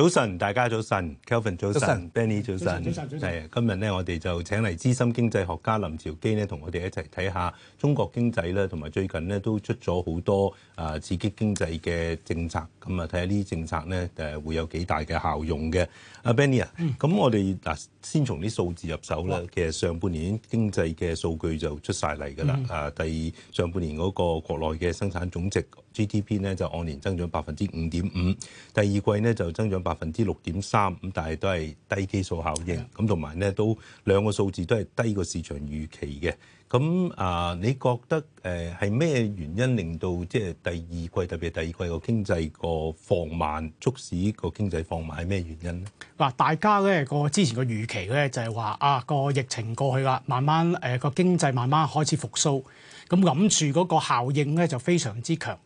早晨，大家早晨，Kelvin 早晨，Benny 早晨，係啊，今日咧，我哋就請嚟資深經濟學家林樵基呢，同我哋一齊睇下中國經濟咧，同埋最近呢，都出咗好多啊刺激經濟嘅政策，咁啊睇下呢啲政策咧誒會有幾大嘅效用嘅。阿 Benny 啊，咁我哋嗱先從啲數字入手啦。其實上半年經濟嘅數據就出晒嚟噶啦。啊，第二上半年嗰個國內嘅生產總值 GDP 咧就按年增長百分之五點五，第二季呢，就增長。百分之六點三咁，但係都係低基數效應咁，同埋咧都兩個數字都係低過市場預期嘅。咁啊，你覺得誒係咩原因令到即係第二季特別係第二季個經濟個放慢，促使個經濟放慢係咩原因咧？嗱，大家咧個之前個預期咧就係話啊個疫情過去啦，慢慢誒個經濟慢慢開始復甦，咁諗住嗰個效應咧就非常之強。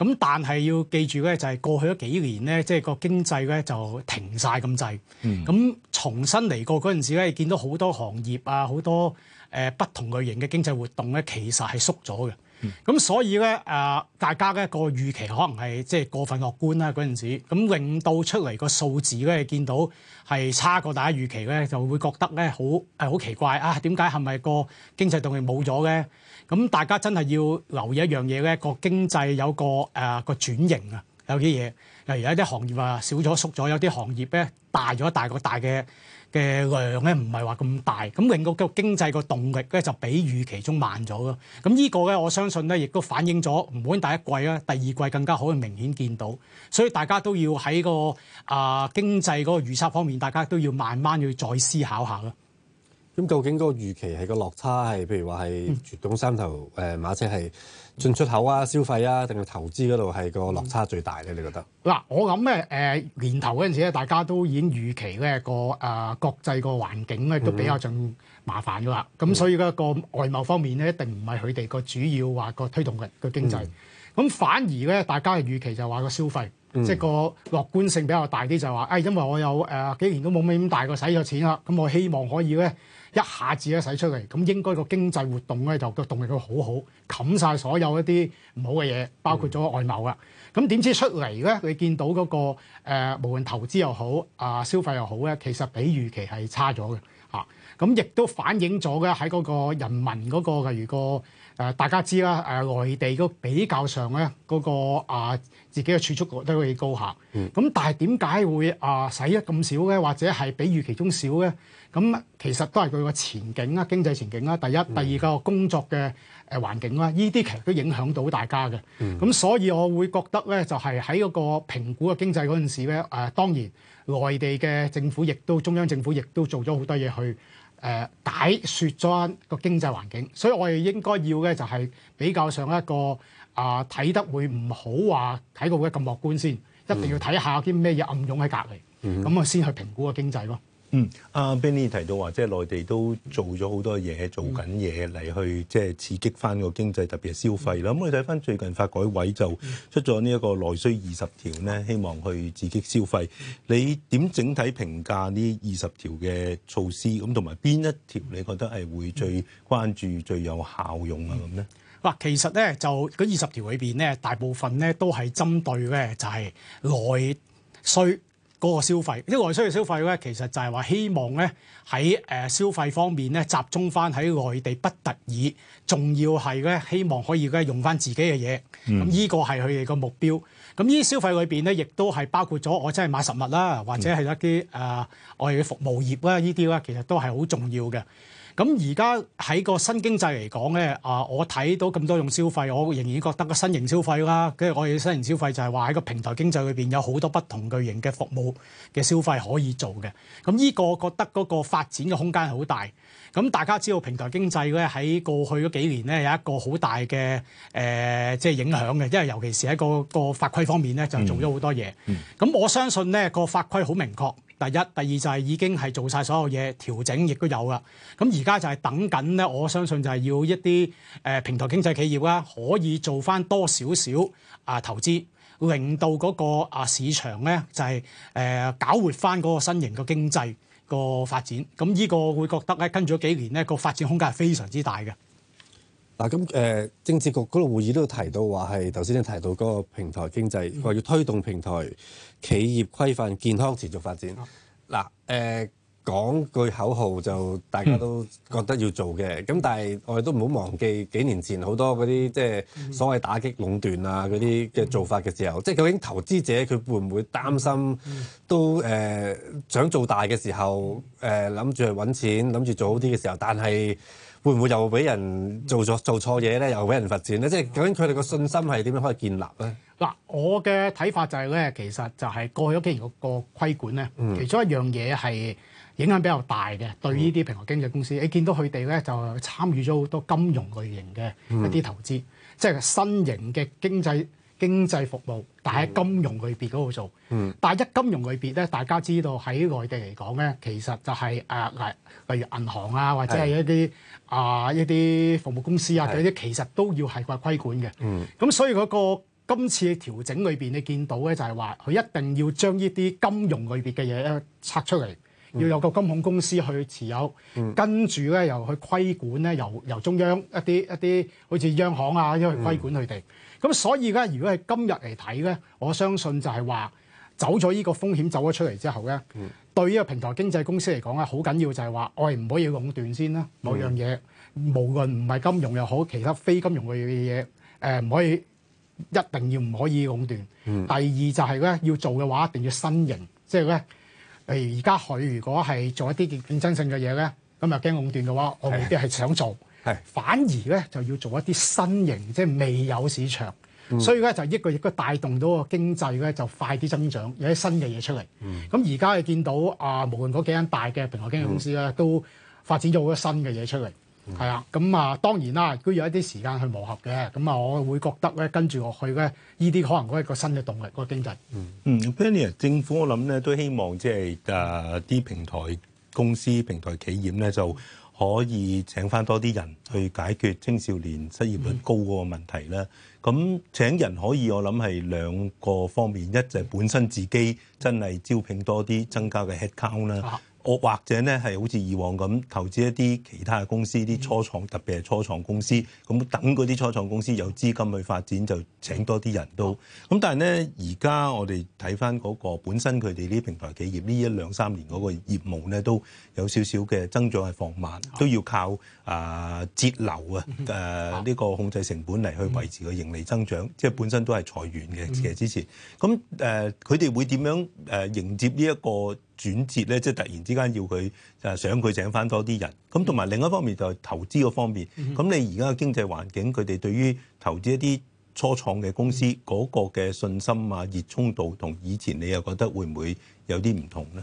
咁但係要記住咧，就係過去咗幾年咧，即係個經濟咧就停晒咁滯。咁重新嚟過嗰陣時咧，見到好多行業啊，好多誒不同類型嘅經濟活動咧，其實係縮咗嘅。咁、嗯、所以咧，誒、呃、大家咧個預期可能係即係過分樂觀啦。嗰陣時咁，令到出嚟個數字咧見到係差過大家預期咧，就會覺得咧好係好奇怪啊！點解係咪個經濟動力冇咗呢？咁大家真係要留意一樣嘢咧，個經濟有個誒、呃、個轉型啊，有啲嘢。例如有啲行業啊，少咗縮咗，有啲行業咧、啊、大咗大個大嘅。大嘅量咧唔係話咁大，咁令到個經濟個動力咧就比預期中慢咗咯。咁呢個咧我相信咧亦都反映咗，唔好講第一季啦，第二季更加好，明顯見到。所以大家都要喺、嗰個啊經濟嗰個預測方面，大家都要慢慢去再思考下啦。咁究竟嗰個預期係個落差係，譬如話係傳統三頭誒馬車係進出口啊、消費啊，定係投資嗰度係個落差最大咧？你覺得？嗱、嗯，我諗咧誒年頭嗰陣時咧，大家都已經預期咧個誒、呃、國際個環境咧都比較仲麻煩㗎啦。咁、嗯、所以嘅個外貿方面咧，一定唔係佢哋個主要話個推動嘅個經濟。咁、嗯、反而咧，大家嘅預期就話個消費，嗯、即係個樂觀性比較大啲，就話誒，因為我有誒、呃、幾年都冇咩咁大個使咗錢啦，咁我希望可以咧。一下子咧使出嚟，咁應該個經濟活動咧就個動力都好好，冚晒所有一啲唔好嘅嘢，包括咗外貿啊。咁點、嗯、知出嚟咧，你見到嗰、嗰個、呃、無無論投資又好啊，消費又好咧，其實比預期係差咗嘅嚇。咁、啊、亦都反映咗嘅喺嗰個人民嗰、嗰個例如果、嗰個。大家知啦，誒、啊、內地嗰比較上咧，嗰、那個啊自己嘅儲蓄都會高下。咁、嗯、但係點解會啊使得咁少咧？或者係比預期中少咧？咁其實都係佢個前景啦、經濟前景啦，第一、第二個、嗯、工作嘅誒環境啦，呢啲其實都影響到大家嘅。咁、嗯、所以我會覺得咧，就係喺嗰個評估嘅經濟嗰陣時咧，誒、啊、當然內地嘅政府亦都中央政府亦都做咗好多嘢去。誒解説咗個經濟環境，所以我哋應該要嘅就係比較上一個啊，睇得會唔好話睇到會咁樂觀先，一定要睇下啲咩嘢暗湧喺隔籬，咁啊先去評估個經濟咯。嗯，阿 Benny 提到話，即係內地都做咗好多嘢，做緊嘢嚟去即係刺激翻個經濟，特別係消費啦。咁你睇翻最近發改委就出咗呢一個內需二十條咧，希望去刺激消費。你點整體評價呢二十條嘅措施？咁同埋邊一條你覺得係會最關注、嗯、最有效用啊？咁咧？哇，其實咧就嗰二十條裏面咧，大部分咧都係針對呢就係、係、內需。嗰個消費，啲外需嘅消費咧，其實就係話希望咧喺、呃、消費方面咧，集中翻喺內地不得已，仲要係咧希望可以用翻自己嘅嘢，咁呢個係佢哋個目標。咁呢啲消費裏面咧，亦都係包括咗我真係買實物啦，或者係一啲誒外嘅服務業啦，呢啲啦，其實都係好重要嘅。咁而家喺個新經濟嚟講咧，啊，我睇到咁多種消費，我仍然覺得個新型消費啦，跟住我哋新型消費就係話喺個平台經濟裏面有好多不同類型嘅服務嘅消費可以做嘅。咁、這、呢個覺得嗰個發展嘅空間好大。咁大家知道平台經濟咧喺過去嗰幾年咧，有一個好大嘅即係影響嘅，因為尤其是喺個個法規方面咧就做咗好多嘢。咁、嗯嗯、我相信咧，個法規好明確。第一、第二就係已經係做晒所有嘢調整，亦都有啦。咁而家就係等緊咧，我相信就係要一啲誒平台經濟企業咧，可以做翻多少少啊投資，令到嗰個啊市場咧就係誒搞活翻嗰個新型嘅經濟個發展。咁、這、呢個會覺得咧跟住幾年咧個發展空間係非常之大嘅。嗱咁，誒、啊呃，政治局嗰個會議都提到話，係頭先咧提到嗰個平台經濟，話、嗯、要推動平台企業規範健康持續發展。嗱、嗯，誒、啊，講、呃、句口號就大家都覺得要做嘅，咁但係我哋都唔好忘記幾年前好多嗰啲即係所謂打擊壟斷啊嗰啲嘅做法嘅時候，即、就、係、是、究竟投資者佢會唔會擔心都誒、呃、想做大嘅時候，誒諗住去揾錢，諗住做好啲嘅時候，但係，會唔會又俾人做錯做錯嘢咧？又俾人罰錢咧？即係究竟佢哋個信心係點樣可以建立咧？嗱，我嘅睇法就係咧，其實就係過去幾年嗰個規管咧，嗯、其中一樣嘢係影響比較大嘅，對呢啲平台經濟公司，你見到佢哋咧就參與咗好多金融類型嘅一啲投資，嗯、即係新型嘅經濟。經濟服務，但係金融類別嗰度做，嗯、但係一金融類別咧，大家知道喺外地嚟講咧，其實就係、是、誒、呃，例如銀行啊，或者係一啲啊、呃、一啲服務公司啊嗰啲，是其實都要係個規管嘅。咁、嗯、所以嗰個今次嘅調整裏邊，你見到咧就係話佢一定要將呢啲金融類別嘅嘢拆出嚟。要有個金控公司去持有，嗯、跟住咧又去規管咧，由由中央一啲一啲好似央行啊，因去規管佢哋。咁、嗯、所以呢，如果係今日嚟睇咧，我相信就係話走咗呢個風險走咗出嚟之後咧，嗯、對於個平台經濟公司嚟講咧，好緊要就係話我哋唔可以壟斷先啦，某樣嘢、嗯、無論唔係金融又好，其他非金融嘅嘢，唔、呃、可以一定要唔可以壟斷。嗯、第二就係咧要做嘅話，一定要新型，即係咧。譬如而家佢如果係做一啲競爭性嘅嘢咧，咁就驚壟斷嘅話，我未必係想做， 反而咧就要做一啲新型，即係未有市場，所以咧就一個亦都帶動到個經濟咧就快啲增長，有啲新嘅嘢出嚟。咁而家你見到啊，無論嗰幾間大嘅平臺經濟公司咧，都發展咗好多新嘅嘢出嚟。係啦，咁、嗯、啊當然啦，都要一啲時間去磨合嘅。咁啊，我會覺得咧跟住落去咧，依啲可能嗰一個新嘅動力，個經濟。嗯嗯 Benny 政府我諗咧都希望即係誒啲平台公司、平台企業咧就可以請翻多啲人去解決青少年失業率高嗰個問題啦。咁、嗯、請人可以我諗係兩個方面，一就係本身自己真係招聘多啲增加嘅 headcount 啦、啊。我或者咧係好似以往咁投資一啲其他嘅公司，啲初創特別係初創公司，咁等嗰啲初創公司有資金去發展，就請多啲人都。咁但係咧，而家我哋睇翻嗰個本身佢哋啲平台企業呢一兩三年嗰個業務咧都有少少嘅增長係放慢，都要靠啊、呃、節流啊呢、呃呢個控制成本嚟去維持個盈利增長，即係本身都係裁員嘅，其實之前。咁佢哋會點樣迎接呢、呢、一個轉折咧，即係突然之間要佢就係想佢請翻多啲人，咁同埋另一方面就係投資嗰方面。咁你而家嘅經濟環境，佢哋對於投資一啲初創嘅公司嗰、嗯、個嘅信心啊、熱衷度，同以前你又覺得會唔會有啲唔同咧？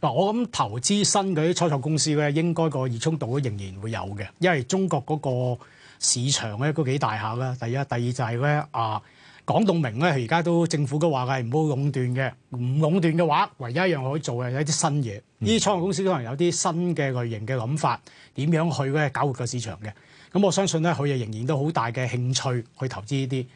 嗱，我諗投資新嗰啲初創公司咧，應該個熱衷度都仍然會有嘅，因為中國嗰個市場咧都幾大下啦。第一、第二就係、是、咧啊。講到明咧，而家都政府都話係，唔好壟斷嘅，唔壟斷嘅話，唯一一樣可以做嘅係一啲新嘢。呢啲、嗯、創業公司可能有啲新嘅類型嘅諗法，點樣去咧搞活個市場嘅？咁我相信咧，佢哋仍然都好大嘅興趣去投資呢啲。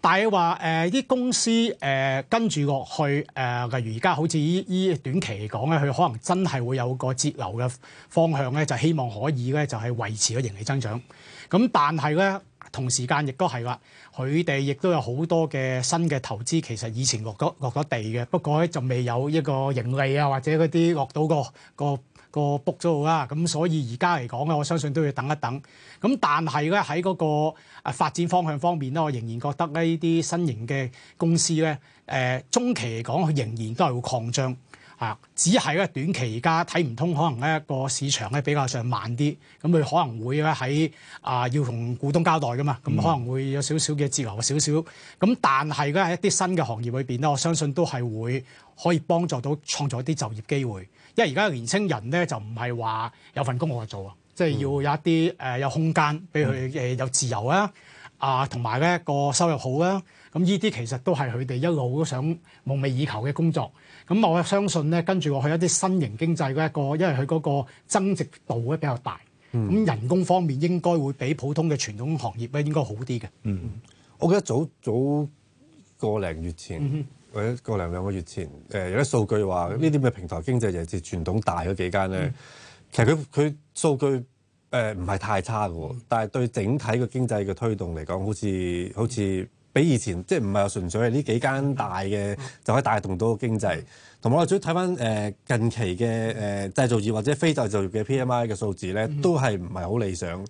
但係話誒，啲、呃、公司誒、呃、跟住落去誒、呃，例如而家好似依依短期嚟講咧，佢可能真係會有個節流嘅方向咧，就係、希望可以咧就係、係、維持個盈利增長。咁但係咧。同時間亦都係啦，佢哋亦都有好多嘅新嘅投資，其實以前落咗落咗地嘅，不過咧仲未有一個盈利啊，或者嗰啲落到個個個 book 咗啦。咁所以而家嚟講咧，我相信都要等一等。咁但係咧，喺嗰個發展方向方面咧，我仍然覺得呢啲新型嘅公司咧，誒、呃、中期嚟講仍然都係會擴張。啊！只係咧短期而家睇唔通，可能咧個市場咧比較上慢啲，咁佢可能會咧喺啊要同股東交代噶嘛，咁可能會有少少嘅自由，少少。咁但係咧喺一啲新嘅行業裏邊咧，我相信都係會可以幫助到創造一啲就業機會。因為而家年青人咧就唔係話有份工我去做啊，即係要有一啲誒、呃、有空間俾佢誒有自由啦，啊同埋咧個收入好啦。咁呢啲其實都係佢哋一路都想夢寐以求嘅工作。咁我相信咧，跟住我去一啲新型經濟嘅一個，因為佢嗰個增值度咧比較大，咁、嗯、人工方面應該會比普通嘅傳統行業咧應該好啲嘅。嗯，我記得早早個零月前、嗯、哼或者個零兩個月前，誒、呃、有啲數據話呢啲嘅平台經濟就係傳統大嗰幾間咧，嗯、其實佢佢數據誒唔係太差嘅，嗯、但係對整體嘅經濟嘅推動嚟講，好似好似。比以前即係唔係純粹係呢幾間大嘅、嗯、就可以帶動到個經濟，同埋我主要睇翻誒近期嘅誒製造業或者非製造業嘅 PMI 嘅數字咧，都係唔係好理想。咁、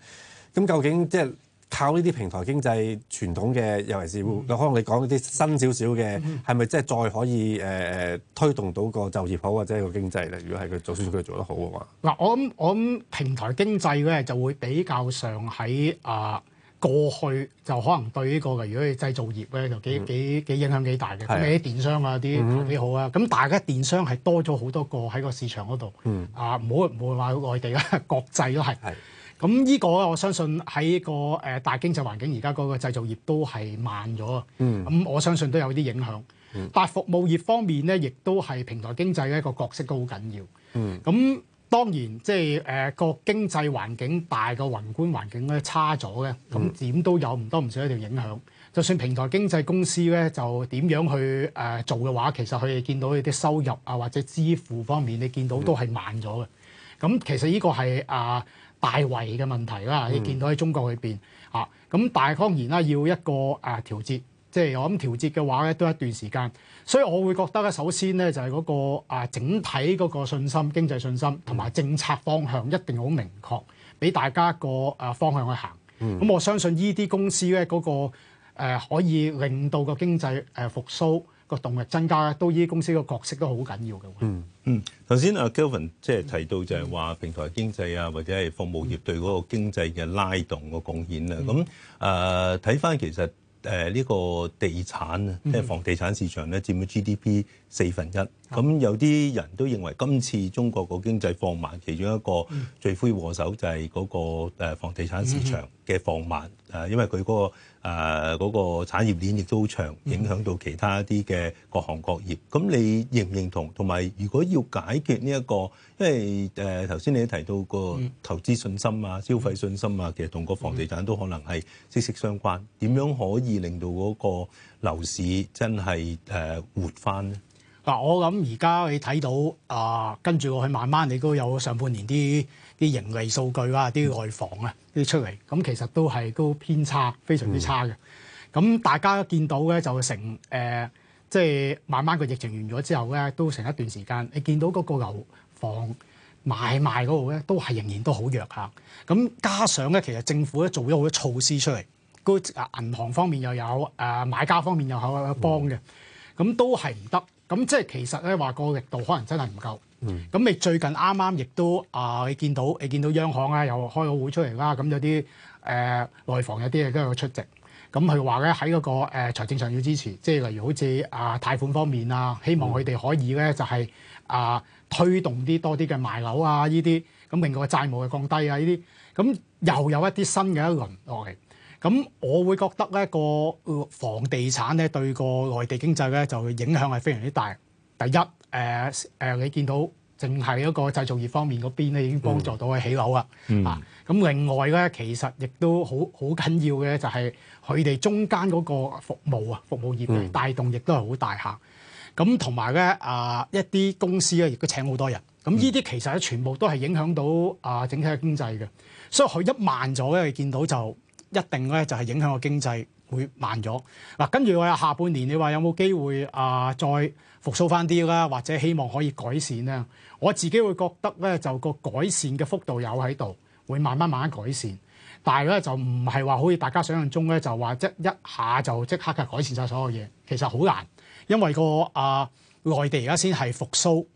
嗯、究竟即係靠呢啲平台經濟傳統嘅，尤其是有、嗯、可能你講啲新少少嘅，係咪即係再可以誒誒、呃、推動到個就業好或者個經濟咧？如果係佢就算佢做得好嘅話，嗱我諗我諗平台經濟咧就會比較上喺啊。呃過去就可能對呢個嘅，如果係製造業咧，就幾、嗯、幾幾、幾影響幾大嘅。咁你啲電商啊，啲排幾好啊。咁大家咧，電商係多咗好多個喺個市場嗰度。嗯啊，唔好唔會話外地啦，國際都係。咁呢個我相信喺個誒大經濟環境而家嗰個製造業都係慢咗。嗯。咁我相信都有啲影響。嗯、但係服務業方面咧，亦都係平台經濟嘅一個角色都好緊要。嗯。咁。當然，即係誒個經濟環境大個宏觀環境咧差咗嘅，咁點都有唔多唔少一條影響。就算平台經濟公司咧，就點樣去誒、呃、做嘅話，其實佢哋見到佢啲收入啊或者支付方面，你見到都係慢咗嘅。咁其實呢個係啊、呃、大圍嘅問題啦，你見到喺中國裏邊啊，咁大當然啦要一個誒調節。呃即係我諗調節嘅話咧，都一段時間，所以我會覺得咧，首先咧就係嗰個啊，整體嗰個信心、經濟信心同埋政策方向一定好明確，俾大家個誒方向去行。咁我相信依啲公司咧嗰個誒可以令到個經濟誒復甦個動力增加咧，都依啲公司個角色都好緊要嘅。嗯嗯，頭先阿 Kevin 即係提到就係話平台經濟啊，或者係服務業對嗰個經濟嘅拉動個貢獻啦。咁誒睇翻其實。誒呢、呃這個地產啊，即係房地產市場咧，佔咗 GDP 四分一。咁有啲人都認為今次中國個經濟放慢，其中一個罪魁禍首就係嗰個誒房地產市場嘅放慢。誒，因為佢嗰、那個誒嗰、呃那個產業鏈亦都好長，影響到其他一啲嘅各行各業。咁你認唔認同？同埋，如果要解決呢、這、一個，因為誒頭先你提到個投資信心啊、消費信心啊，其實同個房地產都可能係息息相關。點樣可以令到嗰個樓市真係誒、呃、活翻咧？嗱，我諗而家你睇到啊、呃，跟住落去慢慢，你都有上半年啲啲盈利數據啊，啲外房啊啲出嚟，咁其實都係都偏差非常之差嘅。咁大家見到咧，就成誒，即、呃、係、就是、慢慢個疫情完咗之後咧，都成一段時間，你見到嗰個樓房買賣嗰度咧，都係仍然都好弱下。咁加上咧，其實政府咧做咗好多措施出嚟，嗰銀行方面又有誒、呃、買家方面又有幫嘅，咁、嗯、都係唔得。咁即係其實咧話個力度可能真係唔夠，咁、嗯、你最近啱啱亦都啊、呃、你見到，你見到央行啊又開個會出嚟啦，咁有啲誒、呃、內房有啲嘅都有出席，咁佢話咧喺嗰個誒、呃、財政上要支持，即係例如好似啊、呃、貸款方面啊，希望佢哋可以咧就係、是、啊、呃、推動啲多啲嘅賣樓啊呢啲，咁令個債務嘅降低啊呢啲，咁又有一啲新嘅一輪落嚟。咁我會覺得咧個房地產咧對個內地經濟咧就影響係非常之大。第一，誒、呃，你見到淨係一個製造業方面嗰邊咧已經幫助到佢起樓啦。嗯嗯、啊，咁另外咧其實亦都好好緊要嘅就係佢哋中間嗰個服務啊，服務業帶動亦都係好大吓。咁同埋咧啊，一啲公司咧亦都請好多人。咁呢啲其實咧全部都係影響到啊整體嘅經濟嘅。所以佢一慢咗咧，你見到就。一定咧就係影響個經濟會慢咗嗱。跟住我下半年你話有冇機會啊、呃，再復甦翻啲啦，或者希望可以改善咧。我自己會覺得咧，就個改善嘅幅度有喺度，會慢慢慢慢改善，但係咧就唔係話好似大家想象中咧就話即一下就即刻嘅改善晒所有嘢，其實好難，因為個啊內地而家先係復甦。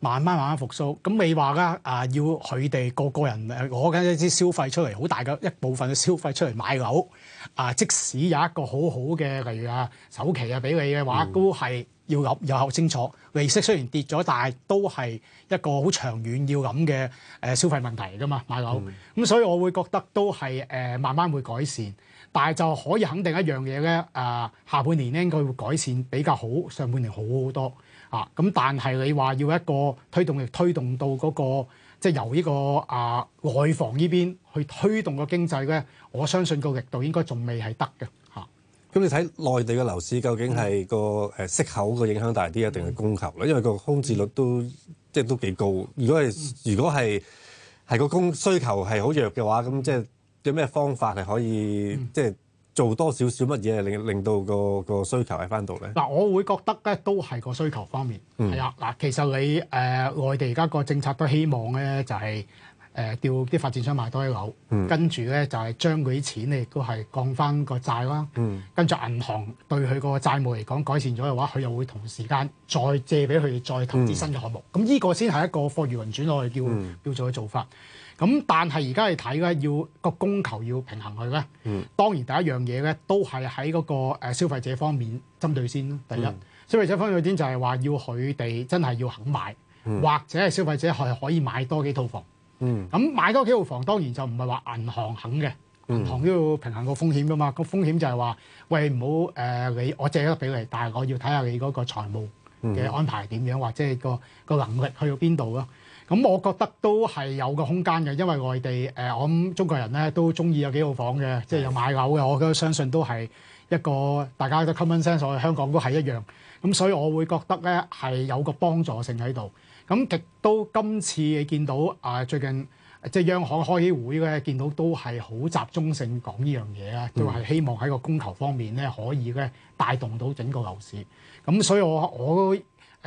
慢慢慢慢復甦，咁你話噶啊，要佢哋個個人攞緊一啲消費出嚟，好大嘅一部分嘅消費出嚟買樓啊。即使有一個很好好嘅，例如啊首期啊俾你嘅話，都係、嗯、要諗，要考慮清楚。利息雖然跌咗，但係都係一個好長遠要諗嘅誒消費問題㗎嘛，買樓。咁、嗯啊、所以我會覺得都係誒、啊、慢慢會改善，但係就可以肯定一樣嘢咧啊，下半年咧應該會改善比較好，上半年好好多。啊！咁但係你話要一個推動力推動到嗰、那個即係由呢、這個啊內房呢邊去推動個經濟咧，我相信個力度應該仲未係得嘅嚇。咁、啊、你睇內地嘅樓市究竟係個誒息口嘅影響大啲，嗯、定係供求咧？因為那個空置率都、嗯、即係都幾高。如果係、嗯、如果係係個供需求係好弱嘅話，咁即係有咩方法係可以、嗯、即係？做多少少乜嘢令令到個個需求喺翻度咧？嗱，我會覺得咧都係個需求方面，係、嗯、啊嗱，其實你誒內、呃、地而家個政策都希望咧就係誒調啲發展商賣多啲樓，嗯、跟住咧就係將嗰啲錢咧亦都係降翻個債啦，嗯、跟住銀行對佢個債務嚟講改善咗嘅話，佢又會同時間再借俾佢哋再投資新嘅項目，咁呢、嗯、個先係一個貨如輪轉我哋叫叫、嗯、做嘅做法。咁但係而家你睇咧，要個供求要平衡佢咧。嗯、當然第一樣嘢咧，都係喺嗰個消費者方面針對先。第一、嗯、消費者方面點就係話要佢哋真係要肯買，嗯、或者係消費者係可以買多幾套房。咁、嗯、買多幾套房當然就唔係話銀行肯嘅，嗯、銀行都要平衡個風險噶嘛。個風險就係話，喂唔好、呃、你我借咗俾你，但係我要睇下你嗰個財務嘅安排點樣，或者、個個能力去到邊度咯。咁我覺得都係有個空間嘅，因為外地誒，我諗中國人咧都中意有幾套房嘅，即係有買樓嘅。我覺得相信都係一個大家都 common sense，我哋香港都係一樣。咁所以我會覺得咧係有個幫助性喺度。咁亦都今次你見到啊，最近即係央行開起會咧，見到都係好集中性講呢樣嘢啦，都係、嗯、希望喺個供求方面咧可以咧帶動到整個樓市。咁所以我我。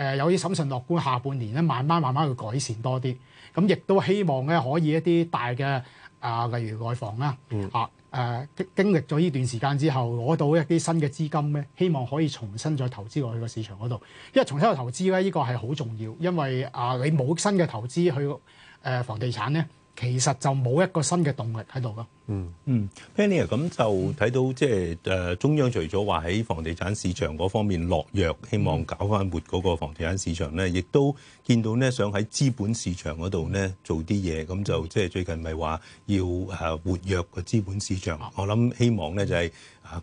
誒有啲審慎樂觀，下半年咧慢慢慢慢去改善多啲，咁亦都希望咧可以一啲大嘅啊，例如內房啦，啊誒、嗯、經歷咗呢段時間之後，攞到一啲新嘅資金咧，希望可以重新再投資落去個市場嗰度，因為重新去投資咧呢個係好重要，因為啊你冇新嘅投資去誒房地產咧。其實就冇一個新嘅動力喺度咯。嗯嗯，Penny，咁就睇到即係，呃，中央除咗話喺房地產市場嗰方面落藥，希望搞翻活嗰個房地產市場咧，亦都見到咧想喺資本市場嗰度咧做啲嘢，咁就即係最近咪話要誒活躍個資本市場。我諗希望咧就係。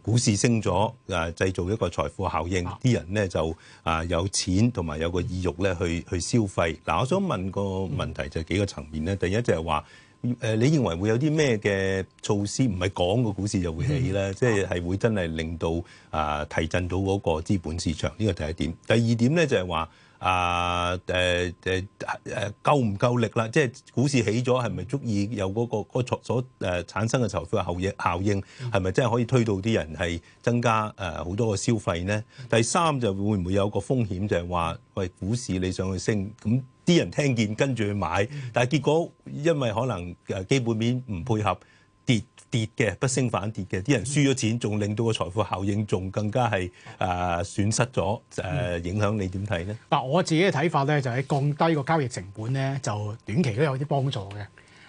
股市升咗，誒製造一個財富效應，啲人咧就誒有錢同埋有個意欲咧去去消費。嗱，我想問個問題就係幾個層面咧。第一就係話誒，你認為會有啲咩嘅措施？唔係講個股市就會起啦，即係係會真係令到誒提振到嗰個資本市場。呢個第一點。第二點咧就係話。啊誒誒誒夠唔夠力啦？即係股市起咗，係咪足以有嗰個所誒產生嘅籌票後影效應，係咪真係可以推到啲人係增加誒好多個消費咧？第三就會唔會有個風險就係話，喂股市你想去升，咁啲人聽見跟住去買，但係結果因為可能誒基本面唔配合。跌嘅不升反跌嘅，啲人輸咗錢，仲令到個財富效應仲更加係啊損失咗誒影響，你點睇咧？嗱，我自己嘅睇法咧，就係降低個交易成本咧，就短期都有啲幫助嘅。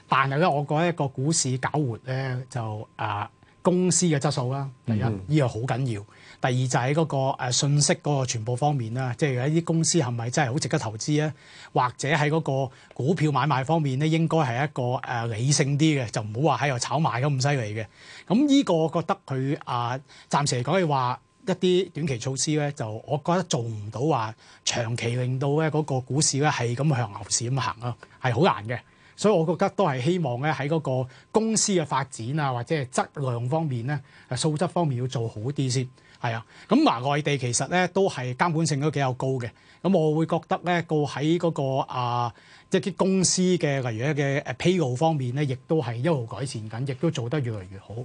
但係咧，我覺得一個股市搞活咧，就啊。公司嘅質素啦，第一呢、呢個好緊要。第二就喺嗰、嗰個、啊、信息嗰個傳播方面啦，即係一啲公司係咪真係好值得投資咧？或者喺嗰個股票買賣方面咧，應該係一個誒、啊、理性啲嘅，就唔好話喺度炒賣咁咁犀利嘅。咁呢個我覺得佢啊，暫時嚟講嘅話，一啲短期措施咧，就我覺得做唔到話長期令到咧嗰個股市咧係咁向牛市咁行啊，係好難嘅。所以我覺得都係希望咧喺嗰個公司嘅發展啊，或者係質量方面咧，誒素質方面要做好啲先，係啊。咁華內地其實咧都係根本性都比有高嘅。咁我會覺得咧、那個喺嗰個啊一啲、就是、公司嘅，例如一嘅誒 p 方面咧，亦都係一路改善緊，亦都做得越嚟越好。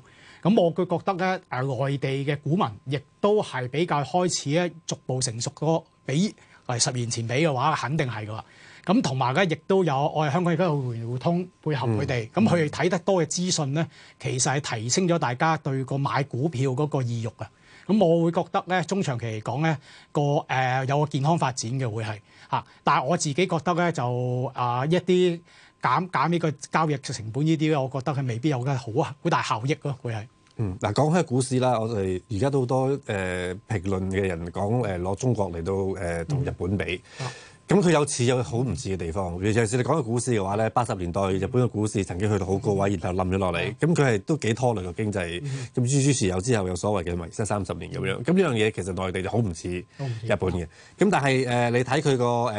咁我嘅覺得咧，外地嘅股民亦都係比較開始咧逐步成熟個，比十年前比嘅話，肯定係嘅。咁同埋咧，亦都有我哋香港而家互聯互通配合佢哋，咁佢哋睇得多嘅資訊咧，其實係提升咗大家對個買股票嗰個意欲啊！咁我會覺得咧，中長期嚟講咧，個誒、呃、有個健康發展嘅會係嚇，但係我自己覺得咧就啊、呃、一啲減減呢個交易成本呢啲咧，我覺得佢未必有嘅好啊好大效益咯，會係。嗯，嗱講開股市啦，我哋而家都好多誒、呃、評論嘅人講誒攞中國嚟到誒同、呃、日本比。嗯嗯。咁佢有似有好唔似嘅地方，尤其是你講個股市嘅話咧，八十年代日本嘅股市曾經去到好高位，然後冧咗落嚟，咁佢係都幾拖累個經濟。咁豬豬油之後有所謂嘅迷失三十年咁、嗯、樣，咁呢樣嘢其實內地就好唔似日本嘅。咁但係、呃、你睇佢個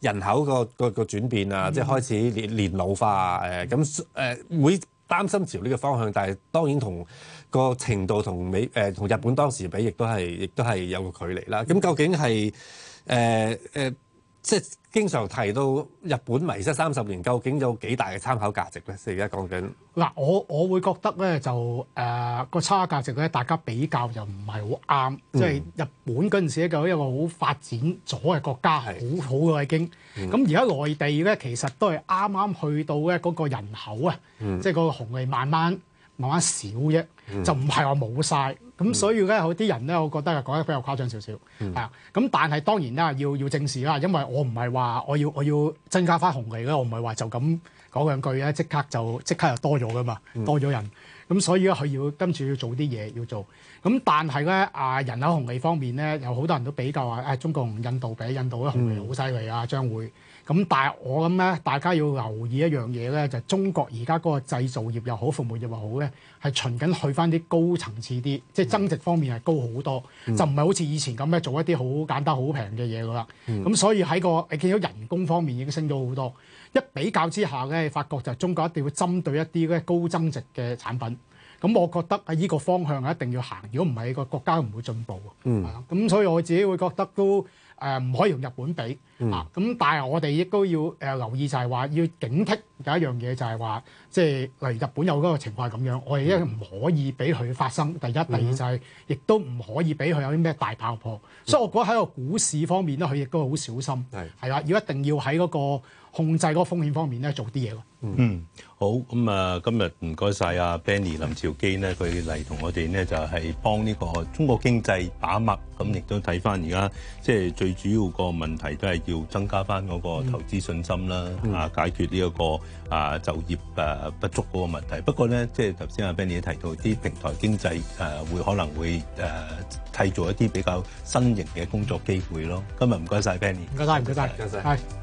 人口個個個轉變啊，即係開始年年老化誒，咁、呃、誒、呃、會擔心朝呢個方向，但係當然同個程度同美同、呃、日本當時比，亦都係亦都係有個距離啦。咁究竟係誒、呃呃即係經常提到日本迷失三十年，究竟有幾大嘅參考價值咧？所以而家講緊嗱，我我會覺得咧就誒個、呃、差價值咧，大家比較又唔係好啱，即係、嗯、日本嗰陣時咧，就一個好發展咗嘅國家，是很好好嘅已經。咁、嗯、而家內地咧，其實都係啱啱去到咧嗰個人口啊，即係嗰個紅利慢慢。慢慢少啫，嗯、就唔係我冇晒。咁所以咧，有啲人咧，我覺得講得比較誇張少少，係啊、嗯，咁但係當然啦，要要正視啦，因為我唔係話我要我要增加返紅利咧，我唔係話就咁講兩句咧，即刻就即刻又多咗噶嘛，多咗人。.咁所以咧，佢要跟住要做啲嘢要做。咁但係咧，啊人口紅利方面咧，有好多人都比較話、哎，中國同印度比，印度咧紅利好犀利啊，嗯、將會。咁但我諗咧，大家要留意一樣嘢咧，就係、中國而家嗰個製造業又好，服務業又好咧，係循緊去翻啲高層次啲，嗯、即係增值方面係高好多，嗯、就唔係好似以前咁咧做一啲好簡單好平嘅嘢噶啦。咁、嗯、所以喺、嗰個你見到人工方面已經升咗好多。一比較之下咧，發覺就中國一定要針對一啲咧高增值嘅產品。咁我覺得喺呢個方向一定要行。如果唔係，個國家唔會進步。嗯、啊。咁所以我自己會覺得都、呃、唔可以同日本比。啊，咁、嗯、但係我哋亦都要誒留意，就係話要警惕有一樣嘢，就係話即係例如日本有嗰個情況咁樣，我哋一唔可以俾佢發生。第一、嗯、第二就係亦都唔可以俾佢有啲咩大爆破。所以我覺得喺個股市方面咧，佢亦都好小心。係，係啊，要一定要喺嗰個控制嗰個風險方面咧做啲嘢咯。嗯，嗯好，咁啊，今日唔該晒啊 Benny 林樵基呢，佢嚟同我哋呢就係幫呢個中國經濟把脈。咁亦都睇翻而家即係最主要個問題都係要增加翻嗰個投資信心啦，啊解決呢一個啊就業誒不足嗰個問題。不過咧，即係頭先阿 Benny 提到啲平台經濟誒，會可能會誒製造一啲比較新型嘅工作機會咯。今日唔該曬 Benny，唔該曬，唔該曬，唔該曬，係。